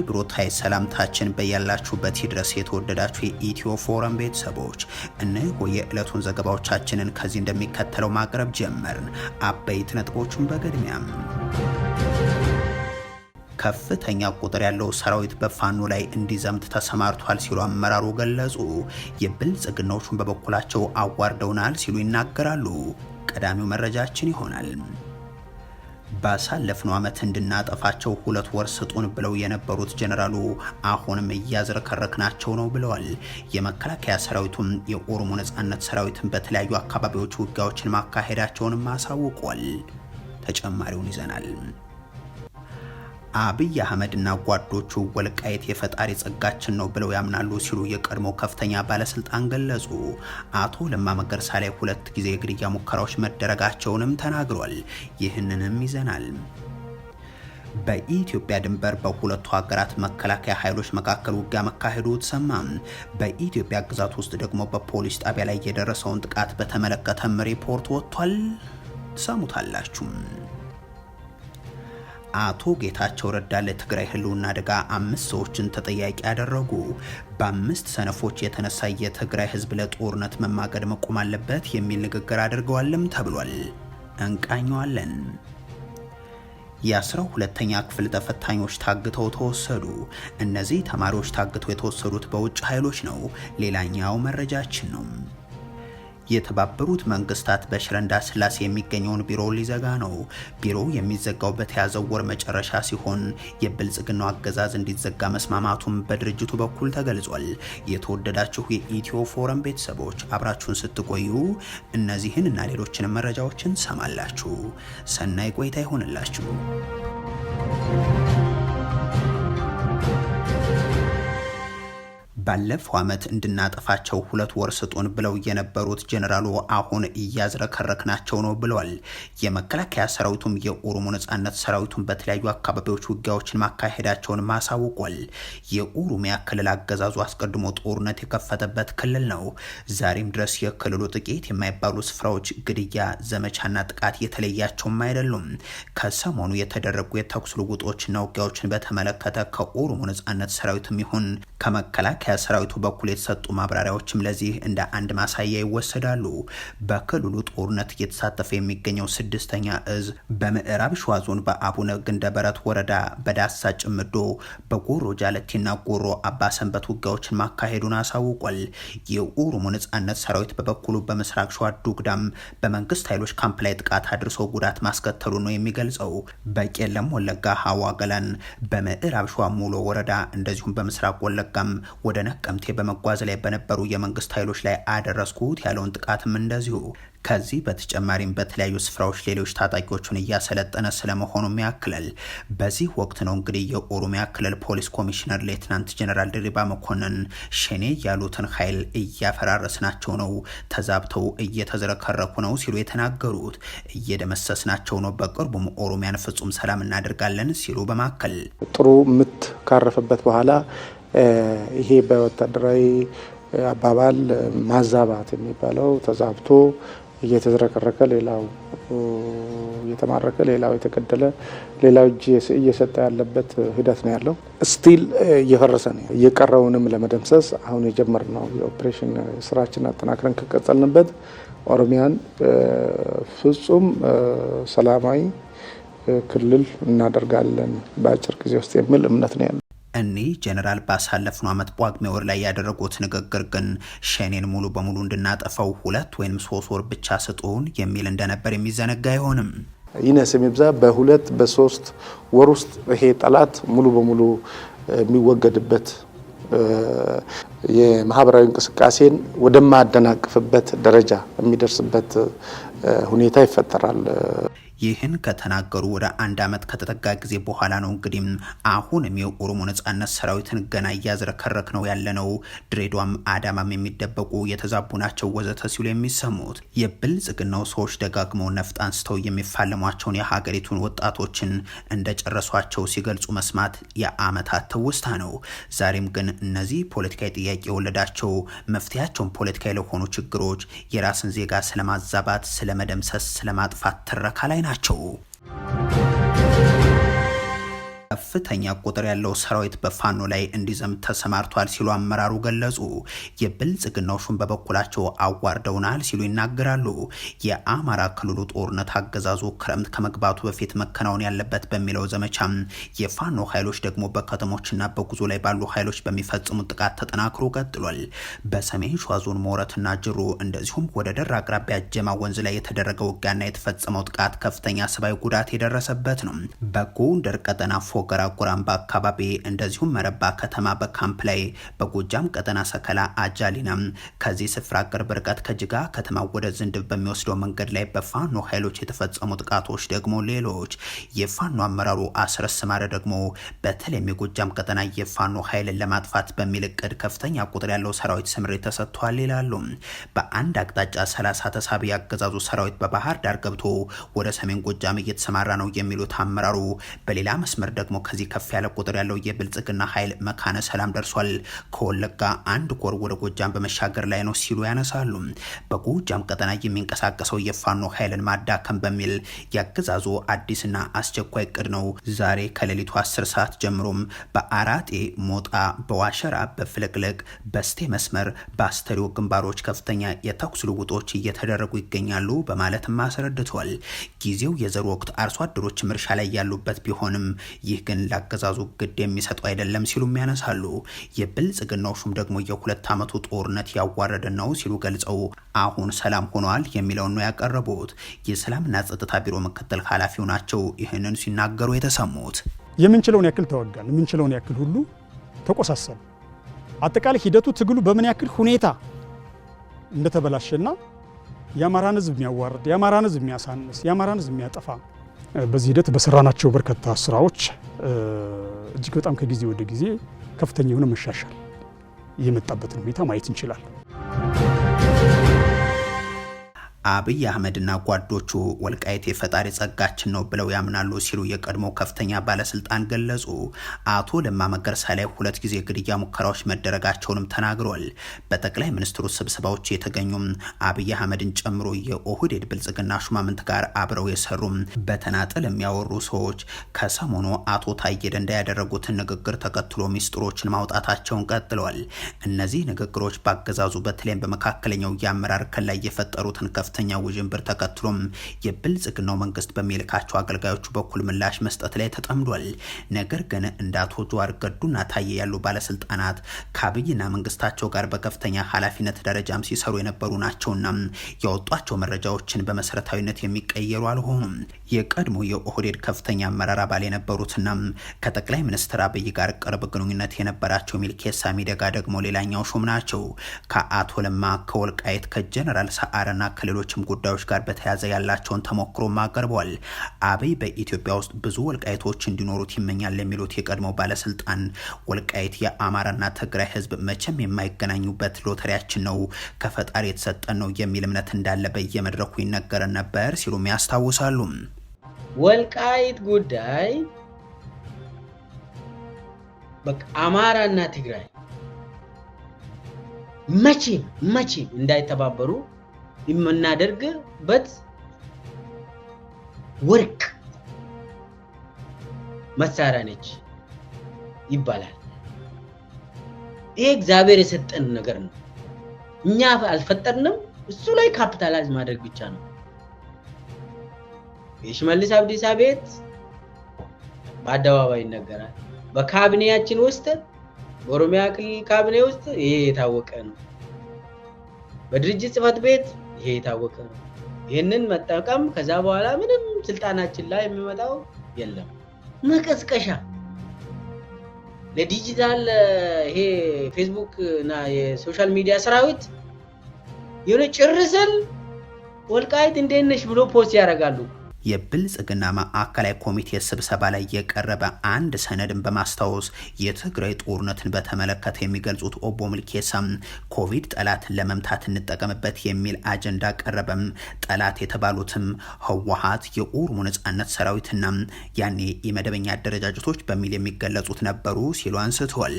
አክብሮታይ ሰላምታችን በያላችሁበት ይድረስ። የተወደዳችሁ የኢትዮ ፎረም ቤተሰቦች እነሆ የዕለቱን ዘገባዎቻችንን ከዚህ እንደሚከተለው ማቅረብ ጀመርን። አበይት ነጥቦቹን በቅድሚያም ከፍተኛ ቁጥር ያለው ሰራዊት በፋኖ ላይ እንዲዘምት ተሰማርቷል ሲሉ አመራሩ ገለጹ። የብልጽግናዎቹን በበኩላቸው አዋርደውናል ሲሉ ይናገራሉ። ቀዳሚው መረጃችን ይሆናል። ባሳለፍነው ዓመት እንድናጠፋቸው ሁለት ወር ስጡን ብለው የነበሩት ጀኔራሉ አሁንም እያዝረከረክናቸው ነው ብለዋል። የመከላከያ ሰራዊቱም የኦሮሞ ነጻነት ሰራዊትን በተለያዩ አካባቢዎች ውጊያዎችን ማካሄዳቸውንም አሳውቋል። ተጨማሪውን ይዘናል። አብይ አህመድና ጓዶቹ ወልቃይት የፈጣሪ ጸጋችን ነው ብለው ያምናሉ ሲሉ የቀድሞ ከፍተኛ ባለስልጣን ገለጹ። አቶ ለማ መገርሳ ላይ ሁለት ጊዜ የግድያ ሙከራዎች መደረጋቸውንም ተናግሯል። ይህንንም ይዘናል። በኢትዮጵያ ድንበር በሁለቱ ሀገራት መከላከያ ኃይሎች መካከል ውጊያ መካሄዱ ተሰማ። በኢትዮጵያ ግዛት ውስጥ ደግሞ በፖሊስ ጣቢያ ላይ የደረሰውን ጥቃት በተመለከተም ሪፖርት ወጥቷል። ሰሙታላችሁ? አቶ ጌታቸው ረዳ ለትግራይ ህልውና አደጋ አምስት ሰዎችን ተጠያቂ ያደረጉ። በአምስት ሰነፎች የተነሳ የትግራይ ህዝብ ለጦርነት መማገድ መቆም አለበት የሚል ንግግር አድርገዋልም ተብሏል። እንቃኘዋለን። የአስራ ሁለተኛ ክፍል ተፈታኞች ታግተው ተወሰዱ። እነዚህ ተማሪዎች ታግተው የተወሰዱት በውጭ ኃይሎች ነው። ሌላኛው መረጃችን ነው። የተባበሩት መንግስታት በሽረንዳ ስላሴ የሚገኘውን ቢሮ ሊዘጋ ነው። ቢሮው የሚዘጋው በተያዘው ወር መጨረሻ ሲሆን የብልጽግናው አገዛዝ እንዲዘጋ መስማማቱም በድርጅቱ በኩል ተገልጿል። የተወደዳችሁ የኢትዮ ፎረም ቤተሰቦች አብራችሁን ስትቆዩ እነዚህን እና ሌሎችንም መረጃዎችን ሰማላችሁ። ሰናይ ቆይታ ይሆንላችሁ። ባለፈው ዓመት እንድናጠፋቸው ሁለት ወር ስጡን ብለው የነበሩት ጀኔራሉ አሁን እያዝረከረክናቸው ነው ብለዋል። የመከላከያ ሰራዊቱም የኦሮሞ ነጻነት ሰራዊቱን በተለያዩ አካባቢዎች ውጊያዎችን ማካሄዳቸውን ማሳውቋል። የኦሮሚያ ክልል አገዛዙ አስቀድሞ ጦርነት የከፈተበት ክልል ነው። ዛሬም ድረስ የክልሉ ጥቂት የማይባሉ ስፍራዎች ግድያ፣ ዘመቻና ጥቃት የተለያቸውም አይደሉም። ከሰሞኑ የተደረጉ የተኩስ ልውጦችና ውጊያዎችን በተመለከተ ከኦሮሞ ነጻነት ሰራዊትም ይሁን ከመከላከያ ሰራዊቱ በኩል የተሰጡ ማብራሪያዎችም ለዚህ እንደ አንድ ማሳያ ይወሰዳሉ። በክልሉ ጦርነት እየተሳተፈ የሚገኘው ስድስተኛ እዝ በምዕራብ ሸዋ ዞን በአቡነ ግንደበረት ወረዳ በዳሳ ጭምዶ፣ በጎሮ ጃለቲና ጎሮ አባሰንበት ውጊያዎችን ማካሄዱን አሳውቋል። የኦሮሞ ነጻነት ሰራዊት በበኩሉ በምስራቅ ሸዋ ዱግዳም በመንግስት ኃይሎች ካምፕ ላይ ጥቃት አድርሶ ጉዳት ማስከተሉ ነው የሚገልጸው። በቄለም ወለጋ ሀዋ ገላን፣ በምዕራብ ሸዋ ሙሎ ወረዳ እንደዚሁም በምስራቅ ወለጋ አልዘነጋም። ወደ ነቀምቴ በመጓዝ ላይ በነበሩ የመንግስት ኃይሎች ላይ አደረስኩት ያለውን ጥቃትም እንደዚሁ ከዚህ በተጨማሪም በተለያዩ ስፍራዎች ሌሎች ታጣቂዎቹን እያሰለጠነ ስለመሆኑም ያክላል። በዚህ ወቅት ነው እንግዲህ የኦሮሚያ ክልል ፖሊስ ኮሚሽነር ሌትናንት ጀኔራል ድሪባ መኮንን ሸኔ ያሉትን ኃይል እያፈራረስናቸው ነው፣ ተዛብተው እየተዝረከረኩ ነው ሲሉ የተናገሩት። እየደመሰስናቸው ነው፣ በቅርቡም ኦሮሚያን ፍጹም ሰላም እናደርጋለን ሲሉ በማከል ጥሩ ምት ካረፈበት በኋላ ይሄ በወታደራዊ አባባል ማዛባት የሚባለው ተዛብቶ እየተዝረከረከ ሌላው እየተማረከ ሌላው የተገደለ ሌላው እጅ እየሰጠ ያለበት ሂደት ነው ያለው። ስቲል እየፈረሰ ነው። እየቀረውንም ለመደምሰስ አሁን የጀመርነው የኦፕሬሽን ስራችን አጠናክረን ከቀጠልንበት ኦሮሚያን ፍጹም ሰላማዊ ክልል እናደርጋለን በአጭር ጊዜ ውስጥ የሚል እምነት ነው ያለው። እኒህ ጀነራል ባሳለፍነው ዓመት ጳጉሜ ወር ላይ ያደረጉት ንግግር ግን ሸኔን ሙሉ በሙሉ እንድናጠፈው ሁለት ወይም ሶስት ወር ብቻ ስጡን የሚል እንደነበር የሚዘነጋ አይሆንም። ይነስ የሚብዛ በሁለት በሶስት ወር ውስጥ ይሄ ጠላት ሙሉ በሙሉ የሚወገድበት የማህበራዊ እንቅስቃሴን ወደማያደናቅፍበት ደረጃ የሚደርስበት ሁኔታ ይፈጠራል። ይህን ከተናገሩ ወደ አንድ ዓመት ከተጠጋ ጊዜ በኋላ ነው እንግዲህ አሁንም የኦሮሞ ነጻነት ሰራዊትን ገና እያዝረከረክ ነው ያለነው፣ ድሬዷም አዳማም የሚደበቁ የተዛቡ ናቸው ወዘተ ሲሉ የሚሰሙት የብልጽግናው ሰዎች ደጋግመው ነፍጥ አንስተው የሚፋለሟቸውን የሀገሪቱን ወጣቶችን እንደጨረሷቸው ሲገልጹ መስማት የአመታት ትውስታ ነው። ዛሬም ግን እነዚህ ፖለቲካዊ ጥያቄ የወለዳቸው መፍትሄያቸውን ፖለቲካዊ ለሆኑ ችግሮች የራስን ዜጋ ስለማዛባት፣ ስለመደምሰስ፣ ስለማጥፋት ትረካ ላይ 纳乔。ከፍተኛ ቁጥር ያለው ሰራዊት በፋኖ ላይ እንዲዘምት ተሰማርቷል ሲሉ አመራሩ ገለጹ። የብልጽግናው ሹም በበኩላቸው አዋርደውናል ሲሉ ይናገራሉ። የአማራ ክልሉ ጦርነት አገዛዙ ክረምት ከመግባቱ በፊት መከናወን ያለበት በሚለው ዘመቻ የፋኖ ኃይሎች ደግሞ በከተሞችና በጉዞ ላይ ባሉ ኃይሎች በሚፈጽሙት ጥቃት ተጠናክሮ ቀጥሏል። በሰሜን ሸዋ ዞን ጅሩ እንደዚሁም ወደ ደራ አቅራቢያ ጀማ ወንዝ ላይ የተደረገው ውጊያና የተፈጸመው ጥቃት ከፍተኛ ሰብአዊ ጉዳት የደረሰበት ነው። በጎንደር ቀጠና ፎገራ አምባ አካባቢ እንደዚሁም መረባ ከተማ በካምፕ ላይ በጎጃም ቀጠና ሰከላ አጃሊና ከዚህ ስፍራ ቅርብ ርቀት ከጅጋ ከተማ ወደ ዝንድብ በሚወስደው መንገድ ላይ በፋኖ ኃይሎች የተፈጸሙ ጥቃቶች ደግሞ ሌሎች። የፋኖ አመራሩ አስረስ ማረ ደግሞ በተለይም የጎጃም ቀጠና የፋኖ ኃይልን ለማጥፋት በሚል እቅድ ከፍተኛ ቁጥር ያለው ሰራዊት ስምሬት ተሰጥቷል ይላሉ። በአንድ አቅጣጫ ሰላሳ ተሳቢ ያገዛዙ ሰራዊት በባህር ዳር ገብቶ ወደ ሰሜን ጎጃም እየተሰማራ ነው የሚሉት አመራሩ በሌላ መስመር ደግሞ ከዚህ ከፍ ያለ ቁጥር ያለው የብልጽግና ኃይል መካነ ሰላም ደርሷል። ከወለጋ አንድ ኮር ወደ ጎጃም በመሻገር ላይ ነው ሲሉ ያነሳሉ። በጎጃም ቀጠና የሚንቀሳቀሰው የፋኖ ኃይልን ማዳከም በሚል ያገዛዙ አዲስና አስቸኳይ እቅድ ነው። ዛሬ ከሌሊቱ 10 ሰዓት ጀምሮም በአራጤ ሞጣ፣ በዋሸራ፣ በፍልቅልቅ፣ በስቴ መስመር፣ በአስተሪው ግንባሮች ከፍተኛ የተኩስ ልውጦች እየተደረጉ ይገኛሉ በማለትም አስረድቷል። ጊዜው የዘር ወቅት አርሶ አደሮች ምርሻ ላይ ያሉበት ቢሆንም ይህ ግን ለአገዛዙ ግድ የሚሰጠው አይደለም ሲሉም ያነሳሉ። የብልጽግናው ሹም ደግሞ የሁለት ዓመቱ ጦርነት ያዋረደ ነው ሲሉ ገልጸው አሁን ሰላም ሆኗል የሚለውን ነው ያቀረቡት። የሰላምና ጸጥታ ቢሮ ምክትል ኃላፊው ናቸው ይህንን ሲናገሩ የተሰሙት። የምንችለውን ያክል ተወጋን፣ የምንችለውን ያክል ሁሉ ተቆሳሰሉ። አጠቃላይ ሂደቱ ትግሉ በምን ያክል ሁኔታ እንደተበላሸና የአማራን ህዝብ የሚያዋርድ የአማራን ህዝብ የሚያሳንስ የአማራን ህዝብ የሚያጠፋ በዚህ ሂደት በሰራናቸው በርካታ ስራዎች እጅግ በጣም ከጊዜ ወደ ጊዜ ከፍተኛ የሆነ መሻሻል የመጣበትን ሁኔታ ማየት እንችላለን። አብይ አህመድና ጓዶቹ ወልቃይት የፈጣሪ ጸጋችን ነው ብለው ያምናሉ ሲሉ የቀድሞ ከፍተኛ ባለስልጣን ገለጹ። አቶ ለማ መገርሳ ላይ ሁለት ጊዜ ግድያ ሙከራዎች መደረጋቸውንም ተናግሯል። በጠቅላይ ሚኒስትሩ ስብሰባዎች የተገኙም አብይ አህመድን ጨምሮ የኦህዴድ ብልጽግና ሹማምንት ጋር አብረው የሰሩም በተናጠል የሚያወሩ ሰዎች ከሰሞኑ አቶ ታዬ ደንዳ ያደረጉትን ንግግር ተከትሎ ሚስጥሮችን ማውጣታቸውን ቀጥለዋል። እነዚህ ንግግሮች በአገዛዙ በተለይም በመካከለኛው የአመራር ክል ላይ የፈጠሩትን ከፍ ከፍተኛ ውዥንብር ተከትሎም የብልጽግናው መንግስት በሚልካቸው አገልጋዮቹ በኩል ምላሽ መስጠት ላይ ተጠምዷል። ነገር ግን እንደ አቶ ጀዋር ገዱና ታዬ ያሉ ባለስልጣናት ከአብይና መንግስታቸው ጋር በከፍተኛ ኃላፊነት ደረጃም ሲሰሩ የነበሩ ናቸውና ያወጧቸው መረጃዎችን በመሰረታዊነት የሚቀየሩ አልሆኑም። የቀድሞ የኦህዴድ ከፍተኛ አመራር አባል የነበሩትና ከጠቅላይ ሚኒስትር አብይ ጋር ቅርብ ግንኙነት የነበራቸው ሚልኬሳ ሚደጋ ደግሞ ሌላኛው ሹም ናቸው። ከአቶ ለማ ከወልቃየት ከጀነራል ሰዓረና ከሌሎች ከሌሎችም ጉዳዮች ጋር በተያያዘ ያላቸውን ተሞክሮ አቅርቧል። አብይ በኢትዮጵያ ውስጥ ብዙ ወልቃይቶች እንዲኖሩት ይመኛል የሚሉት የቀድሞ ባለስልጣን ወልቃይት የአማራና ትግራይ ህዝብ መቼም የማይገናኙበት ሎተሪያችን ነው፣ ከፈጣሪ የተሰጠን ነው የሚል እምነት እንዳለ በየመድረኩ ይነገረን ነበር ሲሉም ያስታውሳሉ። ወልቃይት ጉዳይ አማራና ትግራይ መቼም መቼም እንዳይተባበሩ የምናደርግበት ወርቅ መሳሪያ ነች ይባላል። ይሄ እግዚአብሔር የሰጠን ነገር ነው። እኛ አልፈጠርንም። እሱ ላይ ካፒታላይዝ ማድረግ ብቻ ነው። የሽመልስ አብዲሳ ቤት በአደባባይ ይነገራል። በካቢኔያችን ውስጥ በኦሮሚያ ክልል ካቢኔ ውስጥ ይሄ የታወቀ ነው። በድርጅት ጽህፈት ቤት ይሄ የታወቀ ነው። ይህንን መጠቀም ከዛ በኋላ ምንም ስልጣናችን ላይ የሚመጣው የለም። መቀስቀሻ ለዲጂታል ይሄ ፌስቡክ እና የሶሻል ሚዲያ ሰራዊት የሆነ ጭርስል ወልቃይት እንዴት ነሽ ብሎ ፖስት ያደርጋሉ። የብልጽግና ማዕከላዊ ኮሚቴ ስብሰባ ላይ የቀረበ አንድ ሰነድን በማስታወስ የትግራይ ጦርነትን በተመለከተ የሚገልጹት ኦቦ ምልኬሳም ኮቪድ ጠላትን ለመምታት እንጠቀምበት የሚል አጀንዳ ቀረበም። ጠላት የተባሉትም ህወሀት፣ የኦሮሞ ነጻነት ሰራዊትና ያኔ የመደበኛ አደረጃጀቶች በሚል የሚገለጹት ነበሩ ሲሉ አንስተዋል።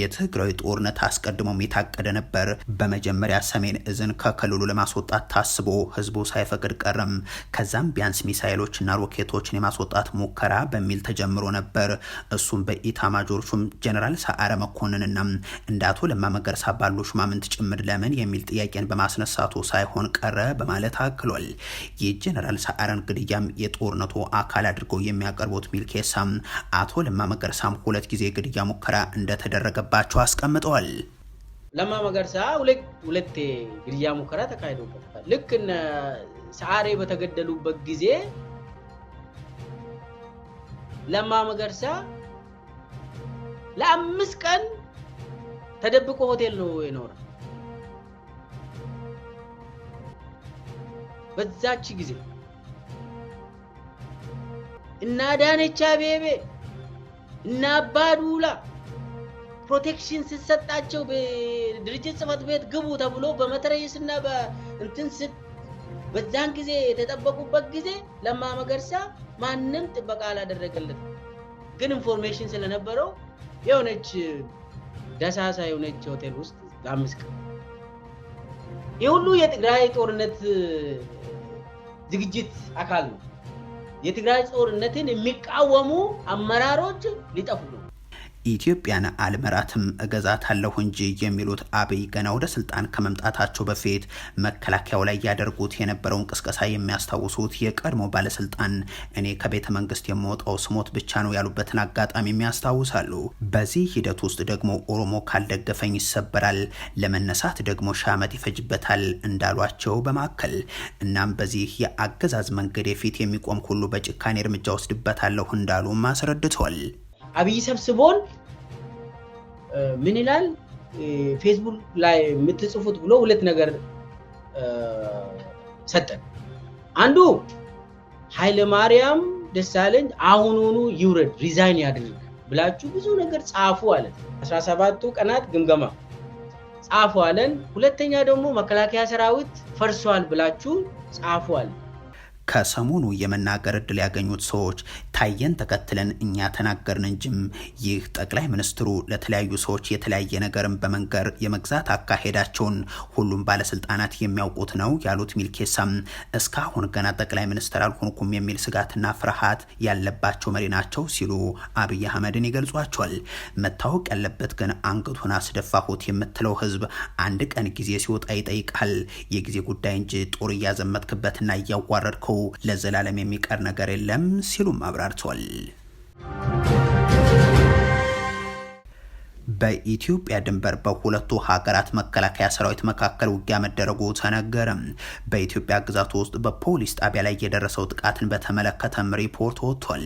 የትግራይ ጦርነት አስቀድሞም የታቀደ ነበር። በመጀመሪያ ሰሜን እዝን ከክልሉ ለማስወጣት ታስቦ ህዝቡ ሳይፈቅድ ቀረም። ከዛም ቢያንስ ሚሳይ ሚሳይሎችና ሮኬቶችን የማስወጣት ሙከራ በሚል ተጀምሮ ነበር። እሱም በኢታማጆር ሹም ጀኔራል ሰዓረ መኮንንና እንደ አቶ ለማ መገርሳ ባሉ ሹማምንት ጭምር ለምን የሚል ጥያቄን በማስነሳቱ ሳይሆን ቀረ በማለት አክሏል። የጀኔራል ሰዓረን ግድያም የጦርነቱ አካል አድርገው የሚያቀርቡት ሚልኬሳ አቶ ለማ መገርሳም ሁለት ጊዜ ግድያ ሙከራ እንደተደረገባቸው አስቀምጠዋል። ለማ መገርሳ ሁለት ግድያ ሙከራ ተካሂዶበታል ልክ ሳሬ በተገደሉበት ጊዜ ለማ መገርሳ ለአምስት ቀን ተደብቆ ሆቴል ነው የኖረ። በዛች ጊዜ እና ዳነቻ ቤቤ እና አባዱላ ፕሮቴክሽን ስትሰጣቸው ድርጅት ጽፈት ቤት ግቡ ተብሎ በመትረየስና በእንትን በዛን ጊዜ የተጠበቁበት ጊዜ ለማ መገርሳ ማንም ጥበቃ አላደረገለት። ግን ኢንፎርሜሽን ስለነበረው የሆነች ደሳሳ የሆነች ሆቴል ውስጥ ለአምስት ቀን ይህ ሁሉ የትግራይ ጦርነት ዝግጅት አካል ነው። የትግራይ ጦርነትን የሚቃወሙ አመራሮች ሊጠፉ ነው። ኢትዮጵያን አልመራትም እገዛታለሁ እንጂ የሚሉት አብይ ገና ወደ ስልጣን ከመምጣታቸው በፊት መከላከያው ላይ ያደርጉት የነበረውን ቅስቀሳ የሚያስታውሱት የቀድሞ ባለስልጣን እኔ ከቤተ መንግስት የምወጣው ስሞት ብቻ ነው ያሉበትን አጋጣሚ የሚያስታውሳሉ። በዚህ ሂደት ውስጥ ደግሞ ኦሮሞ ካልደገፈኝ ይሰበራል፣ ለመነሳት ደግሞ ሺህ ዓመት ይፈጅበታል እንዳሏቸው በማከል እናም በዚህ የአገዛዝ መንገድ የፊት የሚቆም ሁሉ በጭካኔ እርምጃ ወስድበታለሁ እንዳሉም አስረድተዋል። አብይ ሰብስቦን ምን ይላል ፌስቡክ ላይ የምትጽፉት ብሎ ሁለት ነገር ሰጠን። አንዱ ኃይለ ማርያም ደሳለኝ አሁኑኑ ይውረድ ሪዛይን ያድርግ ብላችሁ ብዙ ነገር ጻፉ አለን። 17ቱ ቀናት ግምገማ ጻፉ አለን። ሁለተኛ ደግሞ መከላከያ ሰራዊት ፈርሷል ብላችሁ ጻፉ አለን። ከሰሞኑ የመናገር እድል ያገኙት ሰዎች ታየን ተከትለን እኛ ተናገርን እንጂም ይህ ጠቅላይ ሚኒስትሩ ለተለያዩ ሰዎች የተለያየ ነገርን በመንገር የመግዛት አካሄዳቸውን ሁሉም ባለስልጣናት የሚያውቁት ነው ያሉት ሚልኬሳም እስካሁን ገና ጠቅላይ ሚኒስትር አልሆንኩም የሚል ስጋትና ፍርሃት ያለባቸው መሪ ናቸው ሲሉ አብይ አህመድን ይገልጿቸዋል። መታወቅ ያለበት ግን አንገቱን አስደፋሁት የምትለው ህዝብ አንድ ቀን ጊዜ ሲወጣ ይጠይቃል። የጊዜ ጉዳይ እንጂ ጦር እያዘመትክበትና እያዋረድከው ለዘላለም የሚቀር ነገር የለም ሲሉም አብራርቷል። በኢትዮጵያ ድንበር በሁለቱ ሀገራት መከላከያ ሰራዊት መካከል ውጊያ መደረጉ ተነገረም። በኢትዮጵያ ግዛት ውስጥ በፖሊስ ጣቢያ ላይ የደረሰው ጥቃትን በተመለከተም ሪፖርት ወጥቷል።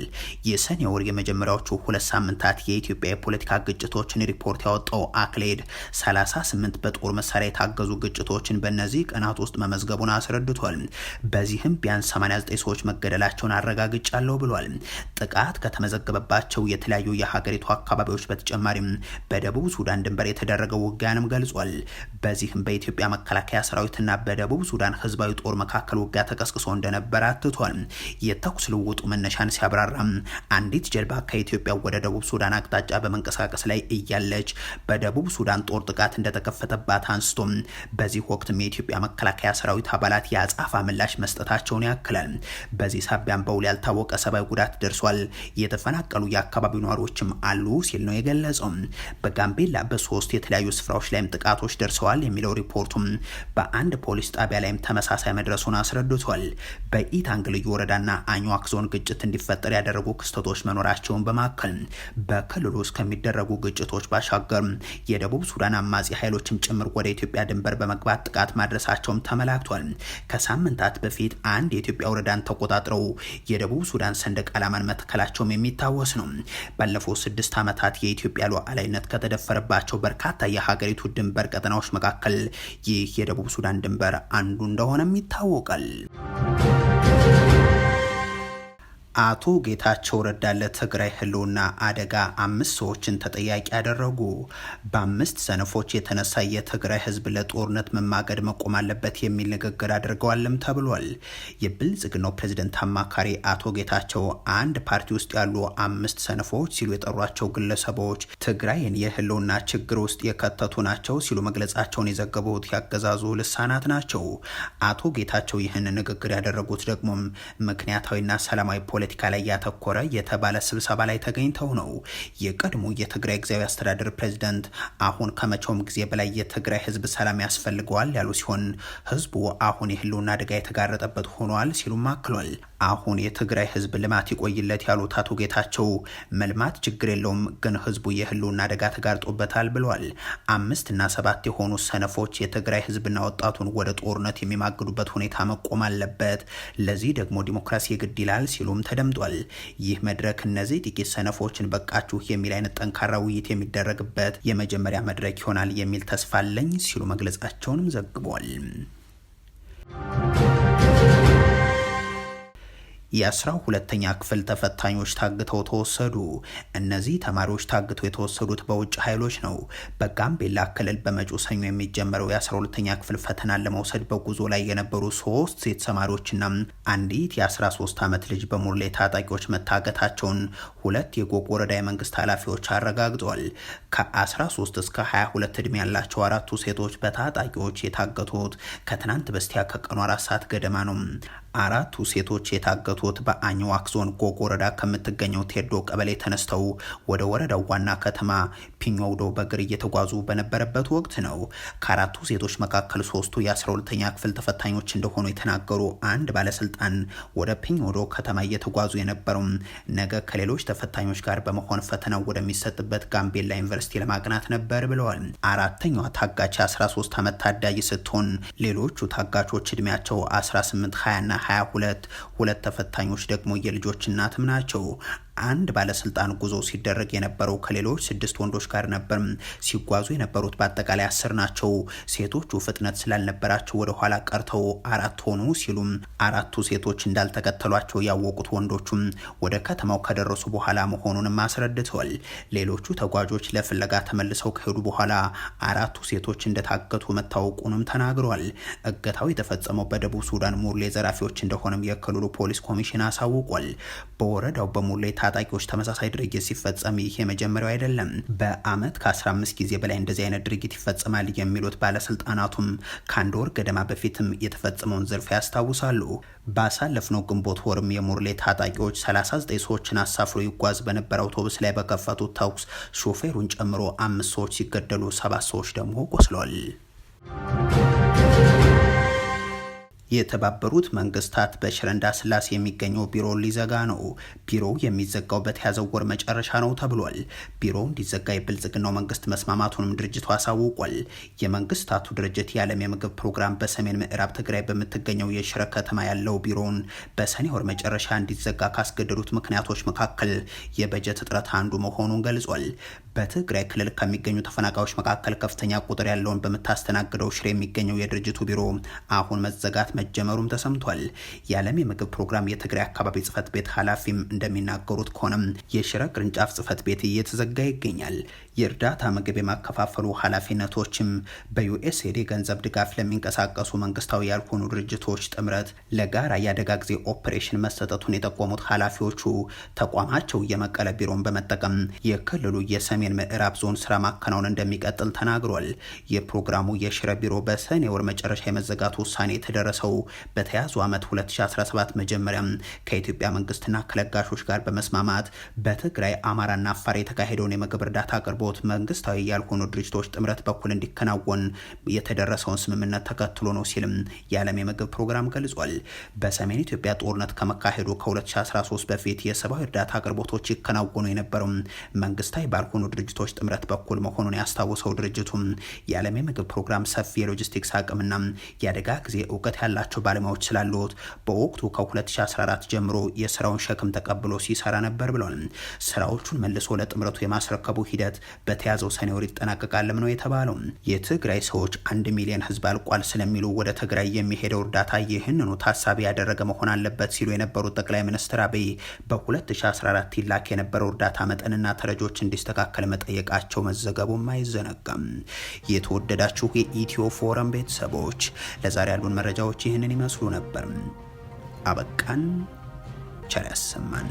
የሰኔ ወር የመጀመሪያዎቹ ሁለት ሳምንታት የኢትዮጵያ የፖለቲካ ግጭቶችን ሪፖርት ያወጣው አክሌድ 38 በጦር መሳሪያ የታገዙ ግጭቶችን በእነዚህ ቀናት ውስጥ መመዝገቡን አስረድቷል። በዚህም ቢያንስ 89 ሰዎች መገደላቸውን አረጋግጫለሁ ብሏል። ጥቃት ከተመዘገበባቸው የተለያዩ የሀገሪቱ አካባቢዎች በተጨማሪም በደቡብ ሱዳን ድንበር የተደረገው ውጊያንም ገልጿል። በዚህም በኢትዮጵያ መከላከያ ሰራዊትና በደቡብ ሱዳን ህዝባዊ ጦር መካከል ውጊያ ተቀስቅሶ እንደነበረ አትቷል። የተኩስ ልውውጡ መነሻን ሲያብራራም አንዲት ጀልባ ከኢትዮጵያ ወደ ደቡብ ሱዳን አቅጣጫ በመንቀሳቀስ ላይ እያለች በደቡብ ሱዳን ጦር ጥቃት እንደተከፈተባት አንስቶ በዚህ ወቅትም የኢትዮጵያ መከላከያ ሰራዊት አባላት የአጻፋ ምላሽ መስጠታቸውን ያክላል። በዚህ ሳቢያም በውል ያልታወቀ ሰብአዊ ጉዳት ደርሷል። የተፈናቀሉ የአካባቢው ነዋሪዎችም አሉ ሲል ነው የገለጸው። በጋምቤላ በሶስት የተለያዩ ስፍራዎች ላይም ጥቃቶች ደርሰዋል የሚለው ሪፖርቱም በአንድ ፖሊስ ጣቢያ ላይም ተመሳሳይ መድረሱን አስረድቷል። በኢታንግ ልዩ ወረዳና አኝዋክ ዞን ግጭት እንዲፈጠር ያደረጉ ክስተቶች መኖራቸውን በማከል በክልሉ ውስጥ ከሚደረጉ ግጭቶች ባሻገር የደቡብ ሱዳን አማጺ ኃይሎችም ጭምር ወደ ኢትዮጵያ ድንበር በመግባት ጥቃት ማድረሳቸውም ተመላክቷል። ከሳምንታት በፊት አንድ የኢትዮጵያ ወረዳን ተቆጣጥረው የደቡብ ሱዳን ሰንደቅ ዓላማን መትከላቸውም የሚታወስ ነው። ባለፈው ስድስት ዓመታት የኢትዮጵያ ሉዓላዊነት ጦርነት ከተደፈረባቸው በርካታ የሀገሪቱ ድንበር ቀጠናዎች መካከል ይህ የደቡብ ሱዳን ድንበር አንዱ እንደሆነም ይታወቃል። አቶ ጌታቸው ረዳ ለትግራይ ህልውና አደጋ አምስት ሰዎችን ተጠያቂ ያደረጉ። በአምስት ሰነፎች የተነሳ የትግራይ ህዝብ ለጦርነት መማገድ መቆም አለበት የሚል ንግግር አድርገዋልም ተብሏል። የብልጽግናው ፕሬዝደንት አማካሪ አቶ ጌታቸው አንድ ፓርቲ ውስጥ ያሉ አምስት ሰነፎች ሲሉ የጠሯቸው ግለሰቦች ትግራይን የህልውና ችግር ውስጥ የከተቱ ናቸው ሲሉ መግለጻቸውን የዘገቡት ያገዛዙ ልሳናት ናቸው። አቶ ጌታቸው ይህን ንግግር ያደረጉት ደግሞም ምክንያታዊና ሰላማዊ ፖለቲካ ላይ ያተኮረ የተባለ ስብሰባ ላይ ተገኝተው ነው። የቀድሞ የትግራይ ጊዜያዊ አስተዳደር ፕሬዚደንት አሁን ከመቼውም ጊዜ በላይ የትግራይ ህዝብ ሰላም ያስፈልገዋል ያሉ ሲሆን ህዝቡ አሁን የህልውና አደጋ የተጋረጠበት ሆኗል ሲሉም አክሏል። አሁን የትግራይ ህዝብ ልማት ይቆይለት ያሉት አቶ ጌታቸው መልማት ችግር የለውም ግን ህዝቡ የህልውና አደጋ ተጋርጦበታል ብሏል። አምስት እና ሰባት የሆኑ ሰነፎች የትግራይ ህዝብና ወጣቱን ወደ ጦርነት የሚማግዱበት ሁኔታ መቆም አለበት። ለዚህ ደግሞ ዲሞክራሲ የግድ ይላል ሲሉም ተደምጧል። ይህ መድረክ እነዚህ ጥቂት ሰነፎችን በቃችሁ የሚል አይነት ጠንካራ ውይይት የሚደረግበት የመጀመሪያ መድረክ ይሆናል የሚል ተስፋ አለኝ ሲሉ መግለጻቸውንም ዘግቧል። የአስራ ሁለተኛ ክፍል ተፈታኞች ታግተው ተወሰዱ። እነዚህ ተማሪዎች ታግተው የተወሰዱት በውጭ ኃይሎች ነው። በጋምቤላ ክልል በመጪው ሰኞ የሚጀመረው የአስራ ሁለተኛ ክፍል ፈተናን ለመውሰድ በጉዞ ላይ የነበሩ ሶስት ሴት ተማሪዎችና አንዲት የአስራ ሶስት ዓመት ልጅ በሙርሌ ታጣቂዎች መታገታቸውን ሁለት የጎግ ወረዳ የመንግስት ኃላፊዎች አረጋግጠዋል። ከ13 እስከ 22 ዕድሜ ያላቸው አራቱ ሴቶች በታጣቂዎች የታገቱት ከትናንት በስቲያ ከቀኑ አራት ሰዓት ገደማ ነው። አራቱ ሴቶች የታገቱት በአኝዋክ ዞን ጎግ ወረዳ ከምትገኘው ቴዶ ቀበሌ ተነስተው ወደ ወረዳው ዋና ከተማ ፒኞውዶ በእግር እየተጓዙ በነበረበት ወቅት ነው። ከአራቱ ሴቶች መካከል ሶስቱ የ12ተኛ ክፍል ተፈታኞች እንደሆኑ የተናገሩ አንድ ባለስልጣን ወደ ፒኞውዶ ከተማ እየተጓዙ የነበሩም ነገ ከሌሎች ተፈታኞች ጋር በመሆን ፈተናው ወደሚሰጥበት ጋምቤላ ዩኒቨርሲቲ ለማቅናት ነበር ብለዋል። አራተኛዋ ታጋች 13 ዓመት ታዳጊ ስትሆን ሌሎቹ ታጋቾች ዕድሜያቸው 18፣ 20 ና 22 ሁለት ተፈታኞች ደግሞ የልጆች እናትም ናቸው። አንድ ባለስልጣን ጉዞ ሲደረግ የነበረው ከሌሎች ስድስት ወንዶች ጋር ነበር። ሲጓዙ የነበሩት በአጠቃላይ አስር ናቸው። ሴቶቹ ፍጥነት ስላልነበራቸው ወደ ኋላ ቀርተው አራት ሆኑ ሲሉም አራቱ ሴቶች እንዳልተከተሏቸው ያወቁት ወንዶቹም ወደ ከተማው ከደረሱ በኋላ መሆኑንም አስረድተዋል። ሌሎቹ ተጓዦች ለፍለጋ ተመልሰው ከሄዱ በኋላ አራቱ ሴቶች እንደታገቱ መታወቁንም ተናግረዋል። እገታው የተፈጸመው በደቡብ ሱዳን ሙርሌ ዘራፊዎች እንደሆነም የክልሉ ፖሊስ ኮሚሽን አሳውቋል። በወረዳው በሙርሌ ታጣቂዎች ተመሳሳይ ድርጊት ሲፈጸም ይህ የመጀመሪያው አይደለም። በአመት ከ15 ጊዜ በላይ እንደዚህ አይነት ድርጊት ይፈጸማል የሚሉት ባለስልጣናቱም ከአንድ ወር ገደማ በፊትም የተፈጸመውን ዝርፊያ ያስታውሳሉ። ባሳለፍነው ግንቦት ወርም የሙርሌ ታጣቂዎች 39 ሰዎችን አሳፍሮ ይጓዝ በነበረ አውቶቡስ ላይ በከፈቱት ተኩስ ሾፌሩን ጨምሮ አምስት ሰዎች ሲገደሉ ሰባት ሰዎች ደግሞ ቆስለዋል። የተባበሩት መንግስታት በሽረ እንዳስላሴ የሚገኘው ቢሮ ሊዘጋ ነው። ቢሮው የሚዘጋው በተያዘው ወር መጨረሻ ነው ተብሏል። ቢሮው እንዲዘጋ የብልጽግናው መንግስት መስማማቱንም ድርጅቱ አሳውቋል። የመንግስታቱ ድርጅት የዓለም የምግብ ፕሮግራም በሰሜን ምዕራብ ትግራይ በምትገኘው የሽረ ከተማ ያለው ቢሮውን በሰኔ ወር መጨረሻ እንዲዘጋ ካስገደዱት ምክንያቶች መካከል የበጀት እጥረት አንዱ መሆኑን ገልጿል። በትግራይ ክልል ከሚገኙ ተፈናቃዮች መካከል ከፍተኛ ቁጥር ያለውን በምታስተናግደው ሽሬ የሚገኘው የድርጅቱ ቢሮ አሁን መዘጋት መጀመሩም ተሰምቷል። የዓለም የምግብ ፕሮግራም የትግራይ አካባቢ ጽህፈት ቤት ኃላፊም እንደሚናገሩት ከሆነም የሽረ ቅርንጫፍ ጽህፈት ቤት እየተዘጋ ይገኛል። የእርዳታ ምግብ የማከፋፈሉ ኃላፊነቶችም በዩኤስኤድ የገንዘብ ድጋፍ ለሚንቀሳቀሱ መንግስታዊ ያልሆኑ ድርጅቶች ጥምረት ለጋራ የአደጋ ጊዜ ኦፕሬሽን መሰጠቱን የጠቆሙት ኃላፊዎቹ ተቋማቸው የመቀለ ቢሮን በመጠቀም የክልሉ የሰሜን ምዕራብ ዞን ስራ ማከናወን እንደሚቀጥል ተናግሯል። የፕሮግራሙ የሽረ ቢሮ በሰኔ ወር መጨረሻ የመዘጋቱ ውሳኔ የተደረሰው በተያዙ ዓመት 2017 መጀመሪያም ከኢትዮጵያ መንግስትና ከለጋሾች ጋር በመስማማት በትግራይ አማራና አፋር የተካሄደውን የምግብ እርዳታ አቅርቦት መንግስታዊ ያልሆኑ ድርጅቶች ጥምረት በኩል እንዲከናወን የተደረሰውን ስምምነት ተከትሎ ነው ሲልም የዓለም የምግብ ፕሮግራም ገልጿል። በሰሜን ኢትዮጵያ ጦርነት ከመካሄዱ ከ2013 በፊት የሰብአዊ እርዳታ አቅርቦቶች ይከናወኑ የነበረው መንግስታዊ ባልሆኑ ድርጅቶች ጥምረት በኩል መሆኑን ያስታውሰው ድርጅቱ የዓለም የምግብ ፕሮግራም ሰፊ የሎጂስቲክስ አቅምና የአደጋ ጊዜ እውቀት ያለ ያላቸው ባለሙያዎች ስላሉት በወቅቱ ከ2014 ጀምሮ የስራውን ሸክም ተቀብሎ ሲሰራ ነበር ብለዋል። ስራዎቹን መልሶ ለጥምረቱ የማስረከቡ ሂደት በተያዘው ሰኔ ወር ይጠናቀቃልም ነው የተባለው። የትግራይ ሰዎች አንድ ሚሊዮን ህዝብ አልቋል ስለሚሉ ወደ ትግራይ የሚሄደው እርዳታ ይህንኑ ታሳቢ ያደረገ መሆን አለበት ሲሉ የነበሩት ጠቅላይ ሚኒስትር አብይ በ2014 ይላክ የነበረው እርዳታ መጠንና ተረጆች እንዲስተካከል መጠየቃቸው መዘገቡም አይዘነጋም። የተወደዳችሁ የኢትዮ ፎረም ቤተሰቦች ለዛሬ ያሉን መረጃዎች ይህንን ይመስሉ ነበር። አበቃን። ቸር ያሰማን።